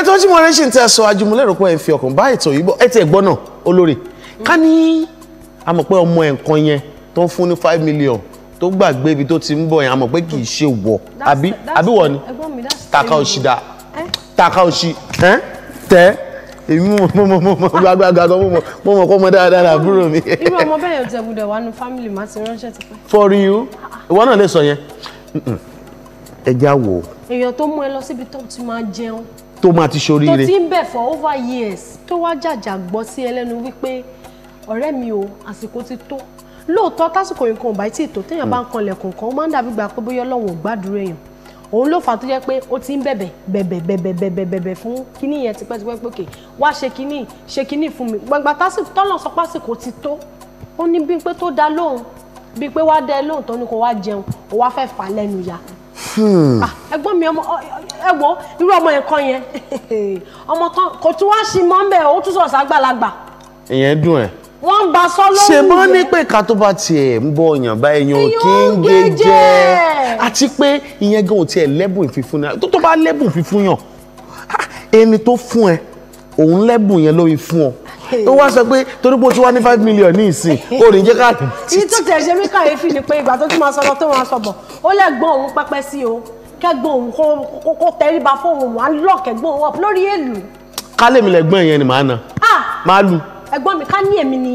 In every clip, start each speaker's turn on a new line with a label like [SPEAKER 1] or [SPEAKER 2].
[SPEAKER 1] ètò ojú mọ́rin ṣì ń tẹ́ sọ ajumulérò pé ẹ̀ ń fi ọkàn bá ètò yìí bọ̀ ẹ ti ẹ̀ gbọ́ náà olórí ká ní a mọ̀ pé ọmọ ẹ̀ nǹkan yẹn tó ń fún ní five million tó gbàgbé ibi tó ti ń bọ̀ yẹn a mọ̀ pé kì í ṣe wọ̀ àbí àbí wọ̀ ni
[SPEAKER 2] tàkà òṣì dà
[SPEAKER 1] tàkà òṣì tẹ́ èmi mo mo mo mo gbàgbàgbà mo mo mo mo kọ́ ọmọ dáadáa àbúrò mi. irú ọmọ
[SPEAKER 2] bẹ́ẹ̀ yóò jẹ́ gbọdọ̀ wà nù fámìlì má ti ránṣẹ́ ti pẹ́.
[SPEAKER 1] for you ìwọ náà lè sọ yẹn ẹ já wò.
[SPEAKER 2] èèyàn tó mú ẹ lọ síbi tó ti máa jẹun
[SPEAKER 1] tó máa ti ṣoríire. tó ti ń
[SPEAKER 2] bẹ̀ for over years tó wá jàjà gbọ́ sí ẹlẹ́nu wípé ọ̀rẹ́ mi o àsìkò ti tó lóòótọ́ tásìkò nǹkan ò bá tí ì tó téèyàn bá ń hmm. kanlẹ̀kùn kan ó máa ń dàbí gbà pé bóyá Ọlọ́run ò gbàdúrà èèyàn òun ló fà á tó jẹ́ pé ó ti ń bẹ̀bẹ̀ bẹ̀bẹ̀ bẹ̀bẹ̀ bẹ̀bẹ̀ bẹ̀bẹ̀ fún kínní yẹn tipẹ́tipẹ́ pòkè wá ṣe kínní ṣe kínní fún mi gbàgbà tásìkò tọ́lọ̀ sọ pásìkò ti tó ó ní bí pé tó dá lóhùn bí pé wá dá lóhùn tó ní kó wá jẹun ó wá fẹ́ fà lẹ́nu ya Hmm. Ah, ẹ̀gbọ́n mi ọmọ ẹ wo irú ọmọ yẹn kan yẹn ọmọ kan kò tún wá sí mọ́ mbẹ́ ó tún sọ̀sà gbàlagbà. ìyẹn dùn ẹ. wọ́n ń ba sọ lóhùn. ṣe mọ́ ní pé
[SPEAKER 1] ká tó bá tiẹ̀ ń bọ ọ̀yàn bá ẹ̀yàn kí ń gé jẹ́ àti pé ìyẹn gan ò tiẹ̀ lẹ́bùn ìfìfún náà tó bá lẹ́bùn ìfìfún yàn ẹni tó fún ẹ òun lẹ́bùn yẹn ló fi fún ọ ó wá sọ pé torí pé o ti wá ní five million ní ìsìn o rìn jẹ́ káàdì.
[SPEAKER 2] ibi tó tẹ̀ ṣe mí kàyéfì ni pé ìgbà tó tún máa sọ lọ tó máa sọ bọ̀ ó lẹ́gbọ́n òun pẹ́pẹ́ sí o kẹ́gbọ́n òun kó tẹríba fóun wà lọ kẹ́gbọ́n òun up lórí èlù.
[SPEAKER 1] ká lèmi lẹ́gbọ́n yẹn ni màá na ah! máa lu.
[SPEAKER 2] ẹ̀gbọ́n mi ká ní èmi ni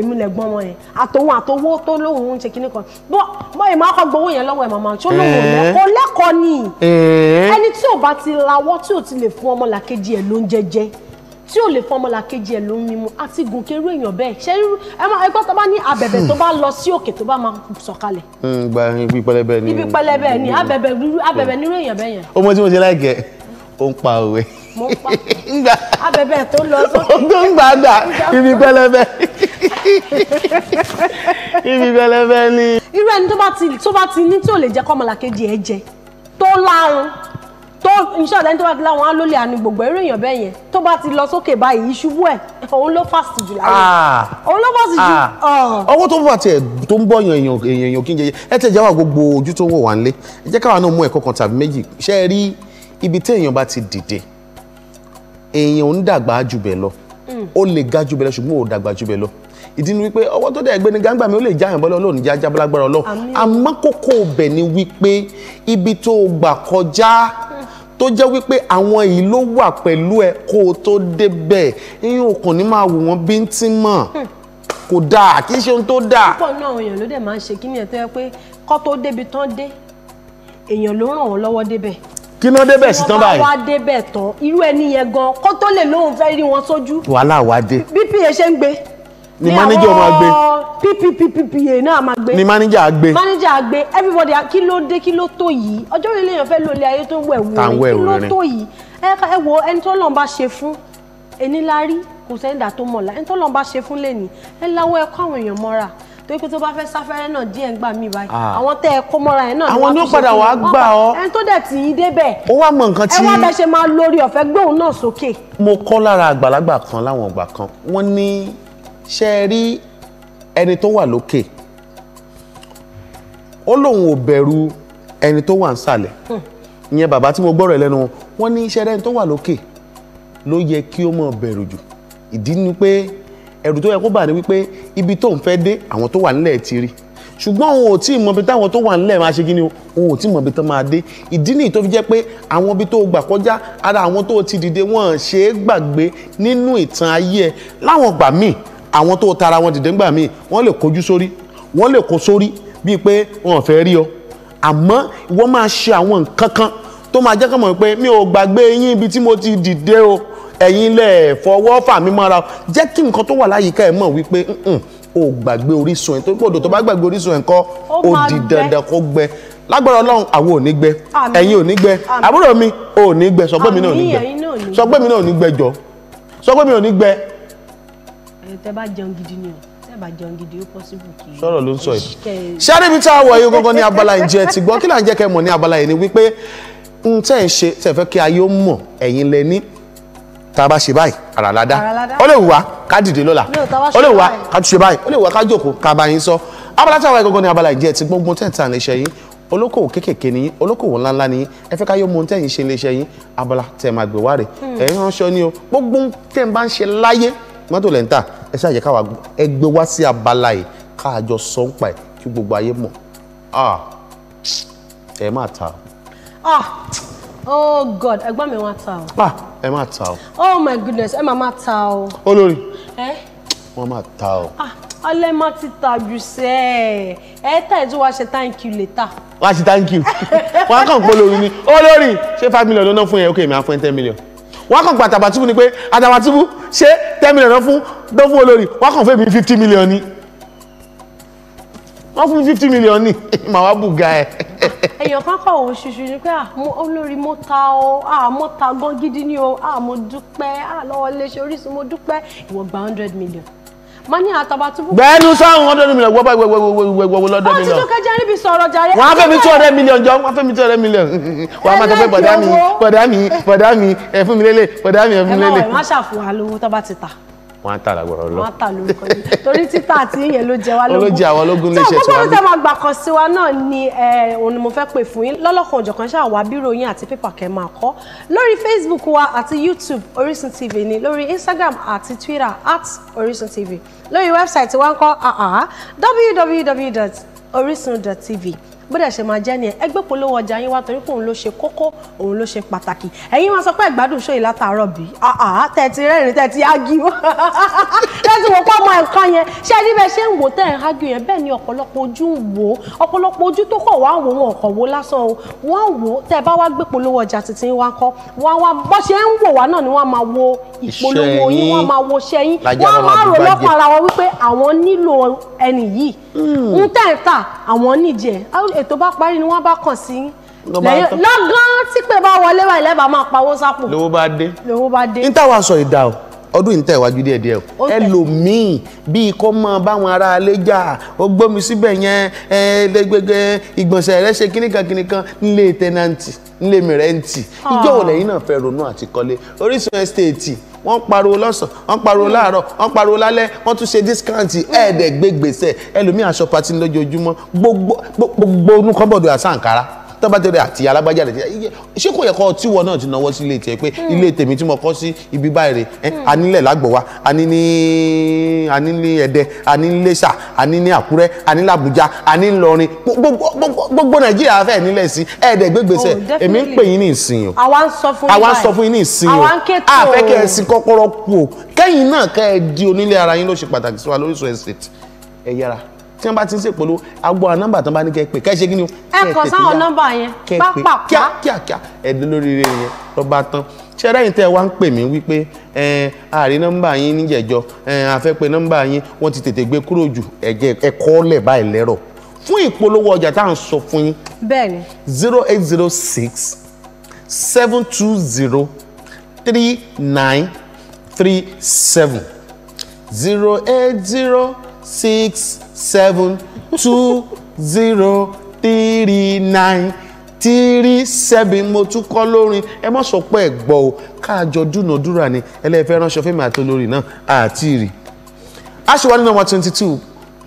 [SPEAKER 2] èmi lẹ́gbọ́n wọn yẹn àtòun àtòwó tó lóun ń ṣe kinní kan bọ́ bọ́ ìmọ̀ akọ gbowó yẹn lọ́wọ́ ẹ̀ màmá tó lóun lẹ́kọ̀ọ́ ni ẹni tí ò bá ti lawọ́ tí ò ti lè fún ọmọ làkejì ẹ̀ ló ń jẹjẹ́ tí o lè fọmọ làkejì ẹ̀ ló ń mímú àti gòkè irú èèyàn bẹ́ẹ̀ ṣé ẹ máa ẹgbọ́n tó bá ní abẹ̀bẹ̀ tó bá lọ sí òkè tó bá máa sọ̀kalẹ̀.
[SPEAKER 1] Hmm, gba ibi pẹlẹbẹ ni ibi pẹlẹbẹ ni abẹ̀bẹ̀
[SPEAKER 2] abẹ̀bẹ̀ nírú èèyàn bẹ́ẹ̀ yẹn.
[SPEAKER 1] ọmọ tí mo ṣe láìkẹ́ ó ń pa òwe.
[SPEAKER 2] mo ń pa abẹ̀bẹ̀ tó lọ sókè. ó ń gbàgbà ibi pẹlẹbẹ ibi pẹlẹbẹ ni. irú ẹni tó bá ti ní tí ò lè jẹ́ kọ́mọlàkejì ẹ jẹ tó láhùn tó iṣẹ́ ọ̀dẹ́ni tó bá ti láwọn á lólè àánú gbogbo eré èèyàn bẹ́ẹ̀ yẹn tó bá ti lọ sókè báyìí ìṣubú ẹ̀ òun ló fast jù láyé ah. òun ló fast jù.
[SPEAKER 1] ọwọ́ ah. ah. tó bá tiẹ̀ tó ń bọ̀ èèyàn èèyàn kí n jẹjẹ ẹ tẹ̀ jáwọ́ gbogbo ojú tó ń wò wá nílé ẹ jẹ́ káwa náà mú ẹ̀kọ́ kan tàbí méjì ṣé ẹ rí ibi tí èèyàn bá ti dìde èèyàn ò ń dàgbà jù bẹ́ẹ̀ lọ hmm. ó lè ga jù bẹ́ẹ̀ lọ ṣùgbọ́n ò dàgbà jù bẹ́ẹ̀ lọ ìdí ni wípé ọwọ́ tó dẹ̀ gbé ni gángba mi ó lè já àyàn bọ́lá ọlọ́run já jábọ́ lágbára ọlọ́run àmọ́ kókó ọbẹ̀ ni wípé ibi tó gbà kọjá tó jẹ́ wípé àwọn yìí ló wà pẹ̀lú ẹ kó o tó débẹ̀ eyín o kàn ní máa wò wọ́n bí ń tí mọ̀ kò dáa kì í ṣe ohun tó dáa.
[SPEAKER 2] púpọ̀ náà àwọn èèyàn ló dẹ̀ máa ń ṣe kí ni ẹ̀ tó yẹ pé kọ́ tó débi tán dé èèyàn ló ràn wọ́n lọ́wọ́ débẹ̀
[SPEAKER 1] kí ló débẹ̀ sí tán báyìí. wọ́n wá
[SPEAKER 2] débẹ̀ tán irú ẹni yẹn gan kó tó lè lóun fẹ́ rí wọn sójú.
[SPEAKER 1] wàhálà wá dé.
[SPEAKER 2] bí pa ṣe ń gbé ni manager máa gbé pppppa náà máa gbé ni manager á gbé manager á gbé everybody kí ló dé kí ló tó yìí ọjọ́ ilé èèyàn fẹ́ lò lé ayé tó wẹ̀ wò rẹ̀ kí ló tó yìí ẹ wo ẹni tó lọ́n bá ṣe fún eníláárí kò sẹ́ńdà tó mọ̀lá ẹni tó lọ́n bá ṣe fún lẹ́ni ẹ láwọ́ ẹ kọ́ àwọn èèyàn mọ́ra torí pé tó bá fẹ́ sáfẹ́rẹ́ náà díẹ̀ ń gbà mí báyìí ah. àwọn tẹ́ ẹ kó mọ́ra yẹn náà ni wọ́n tún ṣe fún mi àwọn ní padà wàá gbà ọ́ ẹni tó dẹ̀ tì í débẹ̀ ó wá mọ nǹkan tí ẹ wá bẹ ṣe máa lórí
[SPEAKER 1] mo kọ́ lára àgbàlagbà kan láwọn ọgbà kan wọ́n ṣe é rí ẹni tó wà lókè ó lóun ò bẹ̀rù ẹni tó wà ń sàlẹ̀ hmm. ìyẹn bàbá tí mo gbọ́rọ̀ ẹ lẹ́nu wọn ní iṣẹ́ ẹni tó wà lókè ló yẹ kí ó máa bẹ̀rù jù ìdí ni pé ẹ̀rù tó yẹ kó bà ní wípé ibi tó ń fẹ́ dé àwọn tó wà nílẹ̀ ti rí ṣùgbọ́n òun ò tí ì mọbi táwọn tó wà nílẹ̀ máa ṣe kí ni òun ò tí ì mọbi tán máa dé ìdí nìyí tó fi jẹ́ pé àwọn ibi tó gbà kọjá ara àwọn tó ti dìde wọ́n ṣe é gbàgbé nínú ìtàn ayé ẹ láwọn ìgbà míì àwọn tó tara wọn dìde ńgbà míì wọ́n lè kojú sórí wọ́n lè kó sórí bíi pé wọn ò fẹ́ rí ọ àmọ́ ìwọ máa ṣe àwọn nǹkan kan tó máa jẹ́ kàn mọ̀ pé mi ò gbàgbé yín ibi tí mo ti dìde o ẹ̀yin lẹ̀ fọwọ́ fà mí mọ́ra o jẹ́ kí nǹkan tó wà láyìíká ẹ̀ mọ̀ wípé o gbàgbé orísun ẹ̀ tó gbọ́dọ̀ tó bá gbàgbé orísun ẹ̀ kọ́ ó di dandan kó gbẹ lágbára ọlọ́run àwọn ò ní gbẹ ẹ̀yin ò ní gbẹ àbúrò mi ò ní gbẹ sọ pé mi náà ò ní gbẹ sọ pé mi náà ò ní gbẹ jọ sọ pé mi ò ní gbẹ
[SPEAKER 2] tẹ bá jẹun gidi ni o tẹ bá jẹun gidi ó possible kì í. sọ̀rọ̀ ló ń sọ yìí ṣáré ibi tá a wọ̀ yìí gangan ní abala ìjẹ́ ti gbọ́
[SPEAKER 1] kí là ń jẹ́ kẹ́ mọ̀ ní abala yìí ni wípé n tẹ́ ẹ̀ ṣe tẹ̀ fẹ́ kí ayé ó mọ̀ ẹ̀yin lẹ ní tá a bá ṣe báyìí àràládá ó lè wá ká dìde lọ́la
[SPEAKER 2] ó lè wá ká
[SPEAKER 1] ṣe báyìí ó lè wá ká jókòó ká bá yín sọ abala tá a wọ̀ yìí gangan ní abala ìjẹ́ ti gbọ́ngbọ́n tẹ̀ ń tà níṣẹ́ yín olókòwò kékèké ni yín olókòwò ńláńlá ni yín ẹ fẹ́ ká yọ mọ tẹ́yìn ṣe iléeṣẹ́ yín abala tẹ̀ máa gbé wá rè hmm. ránṣọ ni o gbogbo tẹ̀ ń bá ń ṣe láyé mọ́tò lẹ́ ẹ ṣáà káwa ẹ gbé wá sí abala yìí káàjọ sọ ń pa ẹ̀ kí gbogbo ayé mọ̀ ẹ máa ta
[SPEAKER 2] ah oh god ẹ̀gbọ́n mi wá ta o. ah ẹ máa ta o. oh my goodness ẹ máa máa ta o. olórí
[SPEAKER 1] wọ́n máa ta o. ah
[SPEAKER 2] alẹ́ má ti ta jù sẹ́ ẹ ẹ ta ìtú ṣe thank you later.
[SPEAKER 1] wá ṣe thank you
[SPEAKER 2] wọn á kàn polówó
[SPEAKER 1] ni olórí ṣé five million ló ná fún yẹn ok mi á fún ẹ ten million wọ́n kàn gba Àtàbàtúbù ni pé Àtàbàtúbù ṣé ten million fún tó fún olórí wọ́n kàn fún èmi fifty million ni wọ́n fún mi fifty million ni màá wá bù ga
[SPEAKER 2] ẹ̀. èèyàn kan kọ̀ wò ṣùṣù ni pé olórí mo ta o mo ta gan gidi ni o mo dúpẹ́ lọ́wọ́ léṣe Orísun mo dúpẹ́ ìwọ gba hundred million ma ní àtàbà túbú. gbẹ́nu
[SPEAKER 1] sáwọn ọdún mi lọ gbọ́bọ́ ìwẹ̀wẹ̀wẹ̀wẹ̀ lọ́dọ̀ mi lọ. ó ti tún
[SPEAKER 2] kẹjẹ níbi sọ̀rọ̀ jàre. wọ́n á fẹ́ mi two hundred
[SPEAKER 1] million jọ wọ́n á fẹ́ mi two hundred million. wọ́n á máa tọ́ pé bọ̀dá mi bọ̀dá mi bọ̀dá mi ẹ fún mi lélẹ̀ bọ̀dá mi ẹ fún mi lélẹ̀. ẹ má wọ̀ ẹ má
[SPEAKER 2] ṣàfùhà lówó tó bá ti ta
[SPEAKER 1] wọ́n á tà lágbára lọ. wọ́n á
[SPEAKER 2] tà lórúkọ yìí torí títà àti yíyẹ ló jẹ wá lógún. olójì àwọn ológun lè ṣe tiwa náà. tó gbogbo máa gbà kan sí wa náà ni òun ni mo fẹ́ pè fún yín lọ́lọ́kan òjọ̀kan ṣáà wá bírò yín àti pépà kẹ́ máa kọ́ lórí Facebook wa àti YouTube Orísun TV ni lórí Instagram àti Twitter at Orísun TV lórí wẹ́bsáìtì wa ń kọ́ www.orisun.tv bódẹ̀ ṣe máa jẹ́ nìyẹn ẹgbẹ́ polówó ọjà yín wá torí pé òun ló ṣe kókó òun ló ṣe pàtàkì ẹ̀yin máa sọ pé ẹ̀gbádùn ṣòyìn látàárọ̀ bí tẹ̀tí rẹ́rìn tẹ̀tí ágíw tẹ̀tí wò pọ̀ mọ nǹkan yẹn ṣé ẹni bẹ́ẹ̀ ṣe ń wò tẹ̀ ń ágíw yẹn bẹ́ẹ̀ ni ọ̀pọ̀lọpọ̀ ojú wò ọ̀pọ̀lọpọ̀ ojú tó kọ̀ wá wò wọn ọ̀kọ̀ wò lásán o wọ́n wò tẹ́ ẹ bá wá gbé polówó ọjà títí wá kọ́ wọ́n wá bọ́ ṣe ń wò wá náà ni wọ́n máa wo ìpolówó yín wọ́n máa wo ṣẹ́ yín wọ́n máa rò lọ́kàn ara wọn wípé àwọn nílò ẹni yìí hmm. ń tẹ̀ ń ètò bá parí ni wọ́n bá kàn sí lọ́gán tí pé bá wọlé wà ilẹ̀ bá máa pawó sápò. lówó bá
[SPEAKER 1] dé. ní táwa sọ ìdá o ọdún yìí ń tẹ̀wájú díẹ̀ díẹ̀ o ẹlòmíì bíi kó mọ báwọn ará alẹ́ jà ó gbómi síbẹ̀ yẹn ẹ̀ẹ́dẹ́gbẹ́gbẹ́ ìgbọ̀nsẹ̀ rẹ ṣe kíníkan kíníkan nílé tẹ́nàntì nílé mìrẹ́ǹtì ìjọ ah. òlẹ̀ yìí náà fẹ́ ronú àti kọ́lé Orísun estate wọ́n pariwo lọ́sàn wọ́n pariwo láàárọ̀ wọ́n pariwo lálẹ́ wọ́n tún ṣe discount ẹ̀ẹ́dẹ́gbẹ́gbèsè ẹlòmíì aṣọ pati lójoojúmọ́ tó bá tẹ̀lé àti alágbájá rẹ̀ ṣé kò yẹ kọ́ tí wọn náà ti náwó sí ilé tiẹ̀ pé hmm. ilé tèmi tí mo kọ́ sí ibi báyìí rè é anílẹ̀ lágbọ̀wá aní ní aní ní ẹ̀dẹ́ aní ní lẹ́ṣà aní ní àkúrẹ́ aní làbújá aní ńlọrin gbogbo nàìjíríà fẹ́ nílẹ̀ sí ẹ̀ẹ́dẹ̀ gbégbèsè oh, èmi ń pè yín ní ìsìn o
[SPEAKER 2] àwa ń sọ fún yín ní ìsìn o àfẹ́ kẹ́ ẹ sí
[SPEAKER 1] kọ́kọ́rọ́ kú o kẹ́yìn náà kẹ́ ẹ di onílé ara yín ló ṣe pàtàkì sí wa lórí Orísun Estate tí wọ́n bá ti ń ṣèpolówó agbó àwọn nọ́mbà tó bá ní kẹ́ pé kẹ́ ṣe kí ni o. ẹ kọ sáwọn
[SPEAKER 2] nọ́mbà yẹn pápá
[SPEAKER 1] kíákíá ẹ̀dín lórí rẹ̀ yẹn lọ́ba tán ṣẹ́rẹ́ yìí tẹ́ ẹ wá ń pè mí wípé ààrí nọ́mbà yín níjẹ̀jọ́ àfẹ́ pé nọ́mbà yín wọ́n ti tètè gbé kúrò jù ẹ̀jẹ̀ ẹ̀kọ́ lẹ̀ báyìí lẹ́rọ̀ fún ìpolówó ọjà tá à ń sọ fún yín. bẹ́ẹ̀ni. zero eight zero six seven two zero three nine three seven zero eight zero six seven two zero three nine three seven mo tún kọ́ lórin ẹ mọ̀ sọ pé ẹ gbọ́ o káàjọ dúnàdúrà ni ẹlẹ́fẹ́ ránṣọ fẹ́mi àtolórí náà àti rì aṣèwà ní twenty two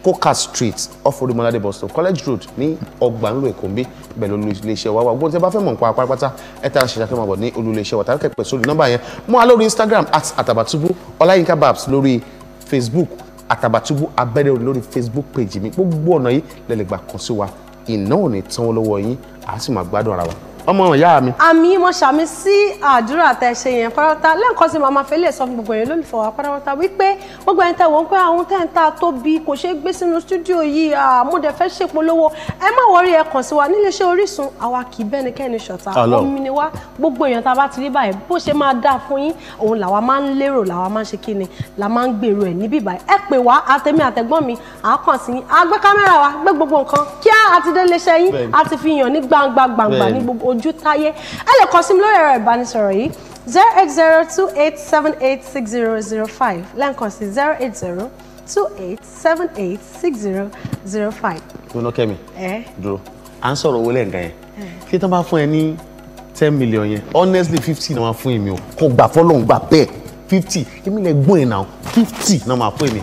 [SPEAKER 1] coca street off orimolade bus stop college road ní ọgbà ńlò èkó ń bí bẹ́ẹ̀ ló lu iléeṣẹ́ wa wa gbọ́n tí ẹ bá fẹ́ mọ̀ nípa pátápátá ẹ tá a ṣe ṣàkíyàn bọ̀ ní olú wa tàbí kẹ́pẹ́ sórí nọ́mbà yẹn mú wa lórí instagram at àtàbàtúbú ọláyínká babs lórí facebook àtàbàtúbù abẹ́rẹ́ olórí facebook page mi gbogbo ọ̀nà yìí lẹ́lẹ́gbà kan sí wa ìnáwó ní tán lọ́wọ́ yín àá sì máa gbádùn ara wa ọmọ ìyá mi.
[SPEAKER 2] àmì mo ṣàmì sí àdúrà tẹ ṣe yẹn pátápátá lẹ́ǹkan sí màmá fẹ́lẹ́ sọ fún gbogbo yẹn lólùfọ̀ wa pátápátá wípé gbogbo ẹni tẹ wọ́n pé àwọn tẹ̀ ń ta tóbi kò ṣeé gbé sínú stúdíò yìí àmúdẹ fẹ́ ṣèpolówó ẹ má wọrí ẹ kàn sí wa níléeṣẹ́ Orísun àwa kì í bẹ́ni kẹ́ni ṣọ̀tá omi ni wá gbogbo èèyàn tá a bá ti rí báyìí bó ṣe máa dáa fún yín òun làwa máa ń lérò làwa máa ń ṣe kíni la máa ń gbèrò ẹ̀ níbí báyìí ẹ pè wá àtẹ̀mí àtẹ̀gbọ́n mi àákàn sí yín àgbẹ̀ kámẹ́rà wa gbé gbogbo nǹkan kíá àti dé iléeṣẹ́ yín àti fi hàn ní gbangba gbangba ní gbogbo ojú táyé ẹ lè kàn sí mi lórí ẹ̀rọ ìbánisọ̀rọ̀ yìí zero eight zero two eight seven eight six zero zero five lẹ́ǹkan sí zero eight zero two eight seven eight six zero zero five.
[SPEAKER 1] gbóná kẹ́mi dúró à ń sọ̀rọ̀ owó lẹ́ǹkan yẹn ṣé tán bá fún ẹ ní ten million yẹn honestly fifty náà máa fún èmi o kò gbà fọlọ́hún gbà bẹ́ẹ̀ fifty èmi lè gbọ́n ẹ̀ náà fifty náà máa fún èmi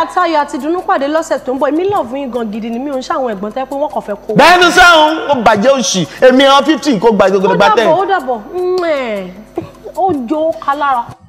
[SPEAKER 2] àtayọ̀ àti ìdùnnú pàdé lọ́sẹ̀ tó ń bọ̀ èmi lọ fún yín gidi ni mi ò ń ṣàwọn ẹ̀gbọ́n tẹ́ pé wọ́n kàn fẹ́ kó. bẹ́ẹ̀ni sáwọn
[SPEAKER 1] ó bàjẹ́ òṣì èmi àwọn fifty kó gbàgbé gbàgbé tẹ́. ó
[SPEAKER 2] dàbọ̀ ó dàbọ̀ ó jọ ó